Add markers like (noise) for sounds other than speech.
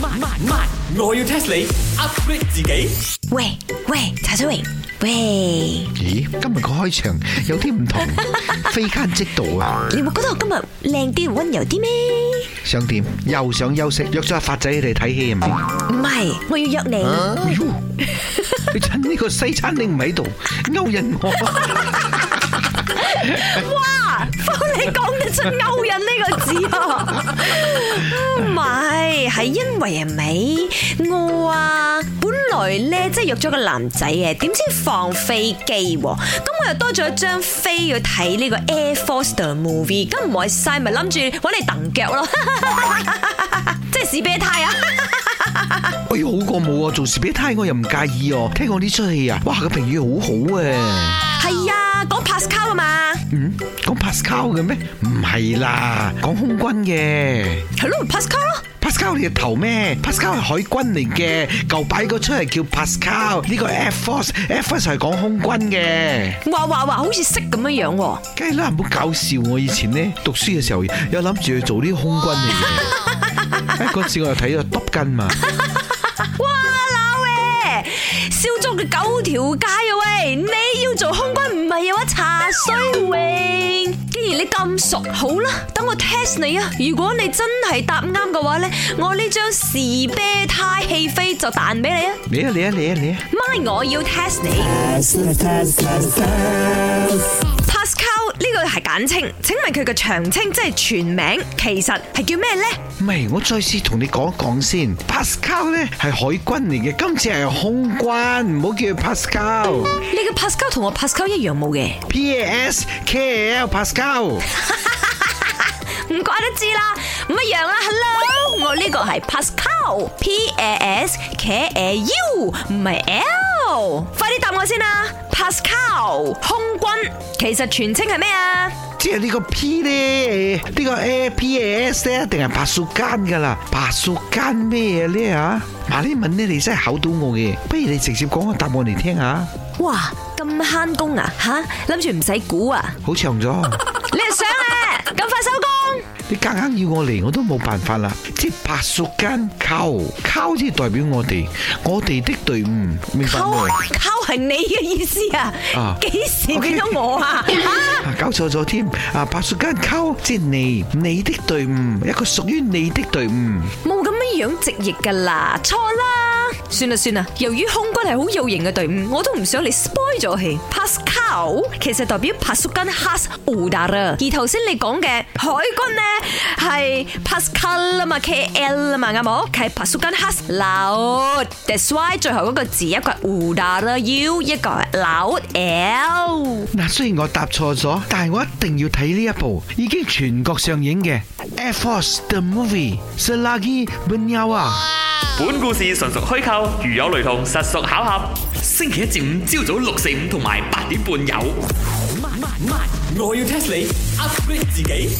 慢慢，我要 test 你 upgrade 自己。喂喂，查小榮，喂！咦，今日個開場有啲唔同，非奸即盜啊！你冇覺得我今日靚啲、溫柔啲咩？想點？又想休息，約咗阿發仔嚟睇戲係咪？唔係，我要約你。你趁呢個西餐廳唔喺度，勾引我。哇，你講得出勾引呢個字啊？為啊咪我啊，本來咧，即係約咗個男仔嘅，點知放飛機，咁我又多咗一張飛去睇呢個 Air Force 嘅 movie，咁唔係晒咪諗住搵你蹬腳咯，即係士啤胎啊？哎呀，好過冇啊，做士啤胎我又唔介意哦。聽講呢出戲啊，哇個評語好好誒，係啊，講 Pascal 啊嘛。嗯，講 Pascal 嘅咩？唔係啦，講空軍嘅，係咯，Pascal 咯。交你嘅頭咩？Pascal 係海軍嚟嘅，舊擺嗰出嚟叫 Pascal，呢個 Air Force Air Force 係講空軍嘅。哇哇哇，好似識咁樣樣喎！梗係啦，唔好搞笑，我以前咧讀書嘅時候有諗住去做啲空軍嚟嘅。嗰、 (laughs) 哎、次我又睇咗督筋嘛。 (laughs) 哇，老誒，燒足佢九條街啊喂！你要做空軍唔係要一茶水喂？你咁熟好啦，等我 test 你啊！如果你真係答啱嘅話，啊啊啊啊、咧，我呢張士啤太戲飛就彈俾你啊！嚟啊嚟啊嚟啊嚟啊，咪我要 test 你。呢個係簡稱，請問佢嘅長稱即係全名，其實係叫咩咧？唔係，我再次同你講一講先。Pascal 咧係海軍嚟嘅，今次係空軍，唔好叫 Pascal。你嘅 Pascal 同我 Pascal 一樣冇嘅。P A S K A L Pascal，唔 (laughs) 怪得知啦，唔一樣啦。Hello，我呢個係 Pascal，P A S K A U，唔係 L。快啲答我先啊！Pascal 空軍其實全稱係咩啊？即係呢個 P 咧，這個、呢個 A P S 咧，定係白素間噶啦？白素間咩咧啊？嗱，呢文問你真係考到我嘅，不如你直接講個答案嚟聽下。哇，咁慳工啊？吓？諗住唔使估啊？啊好長咗。呢你夾硬要我嚟，我都冇辦法啦。即白術根溝溝即代表我哋，我哋的隊伍明白。溝係你嘅意思啊？啊，幾時見到我啊？搞錯咗添啊！白術根溝即你你的隊伍，一個屬於你的隊伍。冇咁樣職業噶啦，錯啦。算啦算啦，由於空軍係好有型嘅隊伍，我都唔想嚟 spoil 咗佢。Pascal 其實代表 Pasukan Udara 啦，而頭先你講嘅海軍呢係 Pascal 啊嘛 K L 啊嘛啱唔啱？係 Pasukan Laut。That's why 最後嗰個字一個 Udara 啦，U 一個 Laut L。那雖然我答錯咗，但係我一定要睇呢一部已經全國上映嘅 Air Force The MovieSelagi Bernyawa 啊！本故事純屬虛構，如有雷同，實屬巧合。星期一至五朝早六四五同埋八點半有。我要 test 你，upgrade 自己。